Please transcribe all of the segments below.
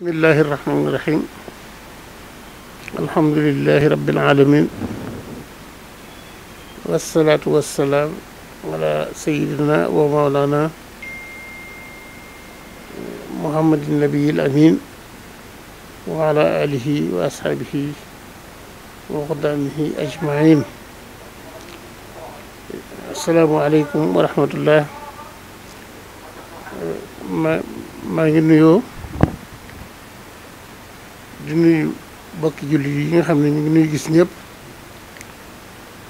bismillahi irrahmani irrahim alhamdulilahi rabilalamin wassalaatu wassalaam ala sayidina wa maolana muhammadin nabiyil amin wa ala alihi wa ashaabihi wa xudaamihi ajmain asalaamu aleykum wa rahmatullah ma maa ngi nuyoo di nuyu bokki jullit yi nga xam ne ñu ngi nuy gis ñëpp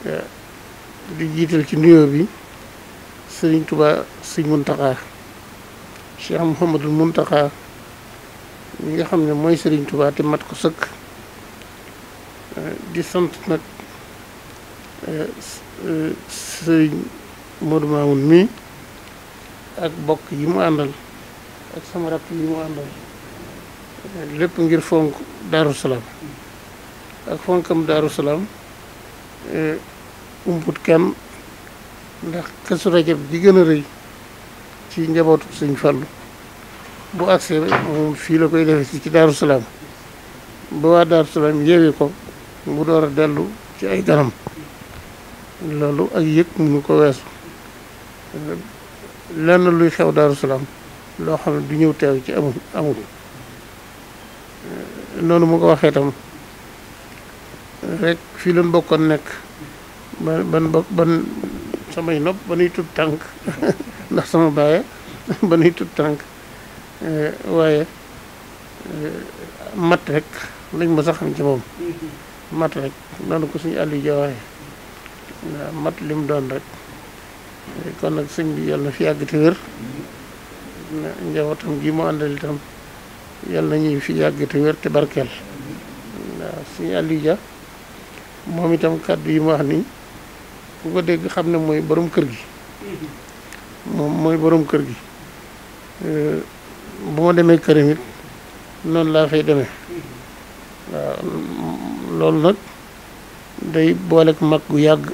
eh, di jiital ci nuyoo bi sëriñ Tuubaa sëñ Muntaxaa Cheikh Mouhamadul Muntaxaa ñi nga xam ne mooy sëriñ Tuubaa te mat ko sëkk eh, di sant nag eh, sëriñ Modou Mamoun mi ak bokk yi mu àndal ak sama rakk yi mu àndal lépp ngir fonk daaru salaam ak fonkam daaru salaam eh, umput kenn ndax kasu rajab bi gën a rëy ci njabootu sëñ Fallu bu agsee moom fii la koy defee si ci daaru salaam ba waa daaru salaam yeewi ko mu door a dellu ci ay ganam loolu ak yëg mënu ko weesu lenn luy xew daaru salaam loo xam du ñëw teew ci amul amul noonu mu ko waxee tam rek fii lan bokkoon nekk ba ban bokk ban samay nopp ba nuy tut tànk ndax sama baaye ba nuy tut tànk eh, waaye eh, mat rek lañ ma sax xam ci moom mm-hmm. mat rek noonu ko suñu àll yi jawaaye mat li doon rek eh, kon nag sëñ bi yàlla na fi yàgg te wér mm-hmm. njabootam gi mu àndal itam yàlla nañu fi yàgg te wér te barkeel waaw suñu Aliou Dia moom itam kàddu yi mu wax nii ku ko dégg xam ne mooy boroom kër gi moom mooy boroom kër gi euh, bu ma demee këram it noonu laa fay deme waaw loolu nag day boole mag gu yàgg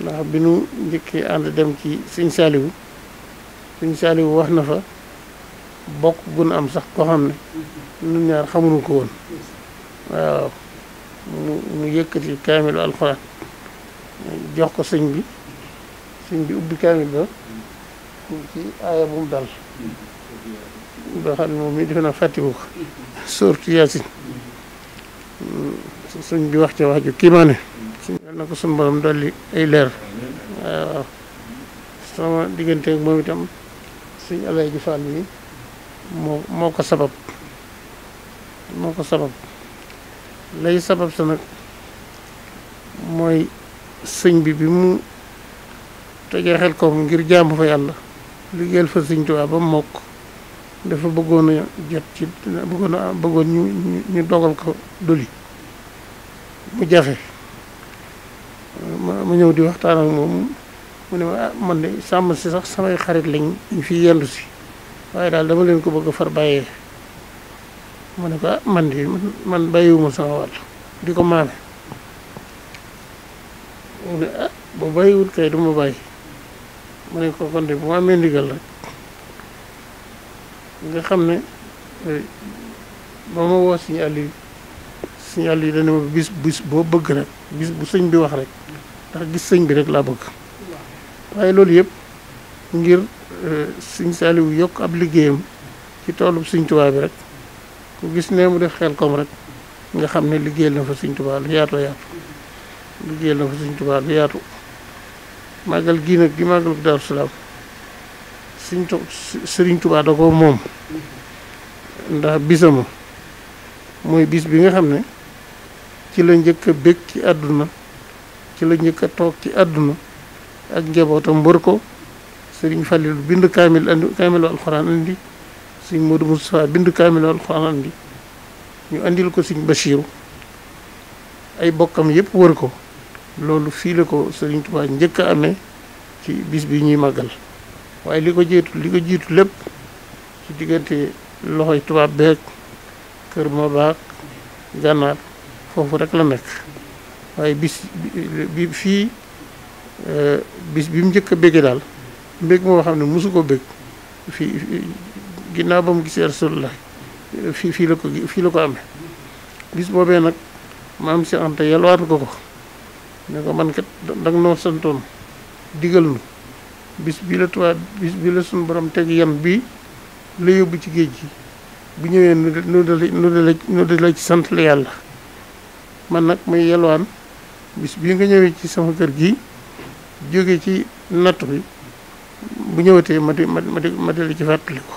ndax bi nu njëkkee ànd dem ci sëñ saaliwu sëñ Saliou wax na fa bokk gun am sax koo xam ne ñun ñaar xamuñu ko woon waaw mu mu yëkkati kaamilu alxuraan jox ko sëñ bi sëñ bi ubbi kaamil ba ci aaya bu mu dal ba xam moom mi defe na fàttiku ko surtout yaasin sëñ bi wax ca wax ju kiimaane yal na ko suñu borom dolli ay leer waaw sama diggante ak moom itam suñu alay ji faal moo moo ko sabab moo ko sabab lay sabab sa nag mooy sëñ bi bi mu tojee xel koom ngir jaamu fa yàlla liggéeyal fa sëñ Tuubaa ba mokk dafa bëggoon jot ci bëggoon bëggoon ñu ñu dogal ko doli mu jafe ma ñëw di waxtaan ak moom mu ne ah, man de sàmm si sax samay xarit lañ ñu yendu si waaye daal dama leen ko bëgg a far bàyyee mu ne ko ah man de man bàyyiwuma sama wàll di ko maame mu ne ah ba bàyyiwul kay du ma bàyyi mu ne ko kon bu ma amee ndigal rek nga xam ne eh, ba ma woo suñu àll yi suñu àll yi dana bis bis boo bëgg rek bis bu sëñ bi wax rek ndax gis sëñ bi rek laa bëgg waaye loolu yëpp ngir Eh, sëñ Saaliwu yokk ab liggéeyam ci toolub sëñ Tuubaa bi rek ku gis ne mu def xel kom rek nga xam ne liggéeyal na fa sëñ Tuubaa lu yaatoo yaatu liggéeyal na fa sëñ Tuubaa lu yaatu màggal gii nag gi màggalu Daaru Salaam sëñ da ko moom ndax bisama mooy bis bi nga xam ne ci la njëkk a bég ci àdduna ci la njëkk a toog ci àdduna ak njabootam mbër ko sëriñ Fallil bind kaamil andi kaamilu alxuraan andi sëriñ Modou Moustapha bind kaamilu alxuraan andi ñu indil ko suñ Bachiru ay bokkam yépp wër ko loolu fii la ko sëriñ Tuubaa njëkk a amee ci bis bi ñuy màggal waaye li ko jiitu lépp ci diggante loxoy tubaab beeg kër ma baax gànnaar foofu rek la nekk waaye bis bi fii euh, bis bi mu njëkk a béggee daal mbég moo xam ne mosu ko bég fii ginnaaw ba mu gisee la fii fii la ko fii la ko amee bis boobee nag maam si Anta yalwaan ko ko ne ko man kat da nga noo santoon digal nu bis bi la tubaab bis bi la suñu borom teg yan bii la yóbbu ci géej gi bu ñëwee nu de nu de la nu de la ci sant la yàlla man nag may yalwaan bis bii nga ñëwee ci sama kër gi jóge ci nattu bi bu ñëwatee ma di ma di ma di la ci fàttaliku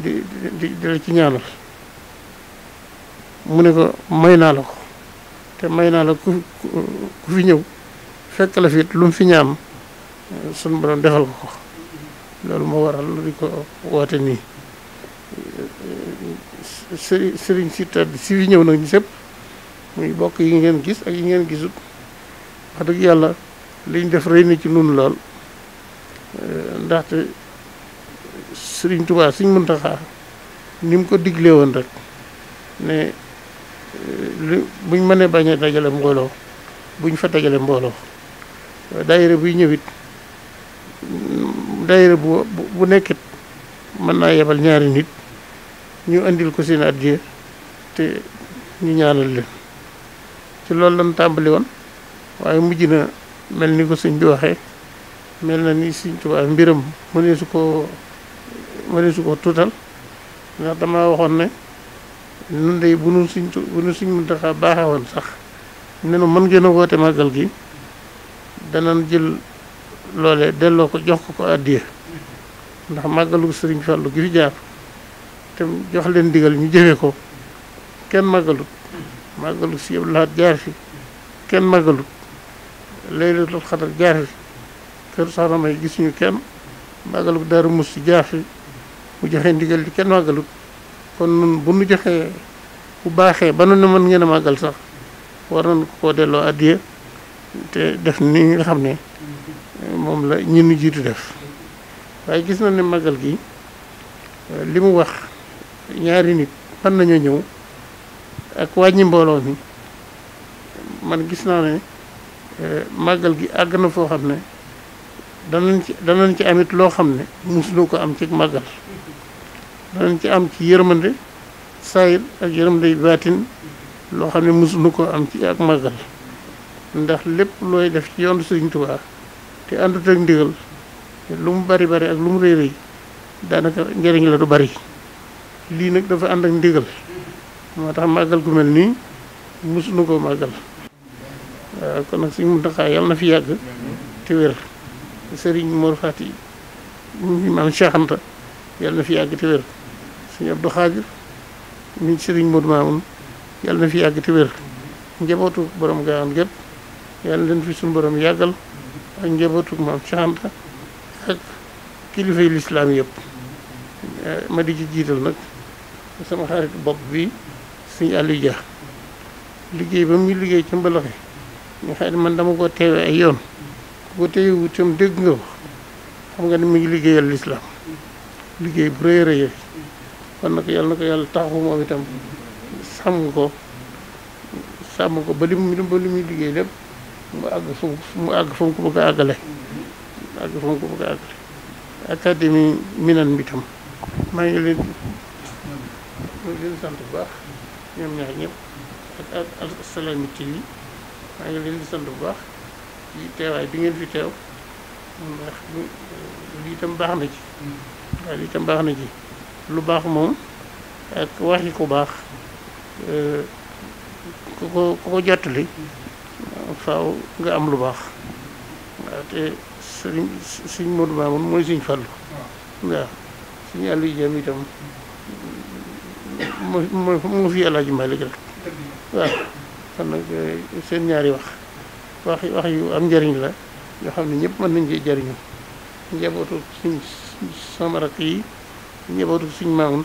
di di di la ci ñaanal mu ne ko may naa la ko te may naa la ku ku fi ñëw fekk la fi lu mu fi ñaam eh, sunu borom defal ko ko loolu moo waral di ko woote nii eh, eh, sëriñ sëriñ si tedd si fi ñëw nag ñu sëpp muy bokk yi ngeen gis ak yi ngeen gisut wax dëgg yàlla liñ def rëy na ci nun lool Eh, ndaxte sëriñ Tuubaa sëriñ Muntaxaa ni mu ko diglee woon rek ne eh, li buñ mënee bañ a dajale mbooloo buñ fa dajale mbooloo daayira buy ñëwit daayira bu bu nekkit mën naa yebal ñaari nit ñu indil ko seen addiya te ñu ñaanal leen ci loolu la tàmbali woon waaye mujj na mel ni ko suñ bi waxee mel na ni Sëñ Tuubaa mbiram mënee su ko mënee su ko ndax dama waxoon ne nun day bu nu Sëñ Tuubaa bu nu Sëñ Muntaxaa baaxewoon sax nenu mën ngeen a woote màggal gi danañ jël loole delloo ko jox ko ko àddiya ndax màggalu Sëriñ Fàllu gi fi jaar te jox leen digal ñu jëfee ko kenn màggalut màggalu si yëpp laat jaar fi kenn màggalut laylatul xadar jaar fi kër Soxna May gisuñu kenn màggalu Daaru Musti jaafi mu joxe ndigal li kenn màggalut kon nun bu nu joxee bu baaxee ba nu ne mën ngeen a màggal sax war nañ koo delloo addiya te def ni nga xam ne moom la ñi nu jiitu def waaye gis na ne màggal gi li mu wax ñaari nit mën nañoo ñëw ak wàññi mbooloo mi man gis naa ne eh, màggal gi àgg na foo xam ne danañ ci danañ ci amit loo xam ne musuñu ko am ci màggal danañ ci am ci yërmande saayir ak yërmande baatin loo xam ne musuñu ko am ci ak màggal ndax lépp looy def ci yoonu Sëriñ Tuubaa te àndut ak ndigal lu mu bari bari ak lu mu rëy rëy daanaka njëriñ la du bari lii nag dafa ànd ak ndigal moo tax màggal gu mel nii musuñu ko màggal waaw kon nag mu Muntaxaa yàlla na fi yàgg te wér Serigne Mor Fati mi maam Cheikh yàlla na fi yàgg te wér Serigne Abdou Khadir mi Serigne Modou Mamoun yàlla na fi yàgg te wér njabootu borom gaawaan gépp yàlla leen fi suñu borom yàggal ak njabootu maam Cheikh ak kilifay lislaam yëpp eh, ma di ci jiital nag sama xarit bopp bi suñ Aliou Dia liggéey ba muy liggéey ca Mbalaxe ñu xëy man dama ko teewee ay yoon bu tey wutam dégg nga ko xam nga ni mu ngi liggéeyal lislaam liggéey bu rëy rëy kon nag yàlla na ko yàlla taxawu moom itam sàmm ko sàmm ko ba li mu ba li muy liggéey lépp mu àgg fa mu àgg fa mu ko bëgg a àggale àgg fa mu ko bëgg a àggale académie minan bi tam maa ngi maa ngi leen sant bu baax ñoom ñaar ñëpp maa ngi leen di bu baax ci teewaay bi ngeen fi teew ndax tam baax na ci mm-hmm. waaw na ci lu baax moom ak waxi ku baax euh, ku ko ku ko jottali faaw nga am lu baax waaw te sëriñ sëriñ Modou Mamoun mooy sëriñ Fallu waaw suñu àll yi jëm itam mooy moo fi El Hadj Malick rek waaw kon nag euh, seen ñaari wax wax wax yu am njëriñ la yoo xam ne ñëpp mën nañ ci jariñu njabootu suñ sama rakk yi njabootu suñ maamun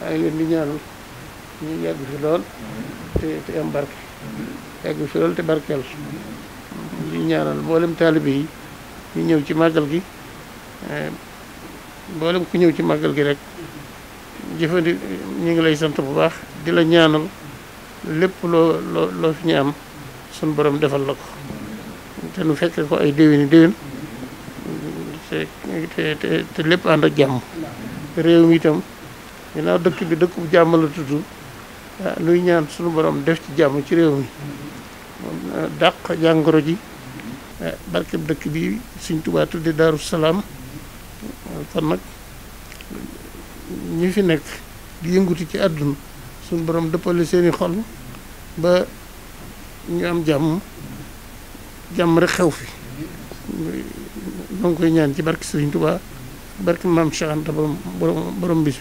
maa ngi leen di ñaanal ñu yàgg fi lool te te am barke yàgg fi lool te barkeel li ñaanal mboolem taalibe yi ñu ñëw ci màggal gi eh, mboolem ku ñëw ci màggal gi rek jëfandi ñu ngi lay sant bu baax di la ñaanal lépp loo loo loo fi ñu am sun borom defal la ko te nu fekke ko ay déwéni déwén te te lépp ànd ak jàmm réew mi itam ginnaaw dëkk bi dëkk bu jàmm la tudd ah ñaan suñu borom def ci jàmm ci réew mi ah, dàq jàngoro ji ah, barkeb dëkk bi suñ tubaatu tudde Daaru Salaam ah, kon nag ñi fi nekk di yënguti ci àdduna suñu borom dëppale seeni xol ba ñu am jàmm jàmm rek xew fi ñoo ngi koy ñaan ci barke Serigne Touba barke maam Cheikh Anta borom borom bis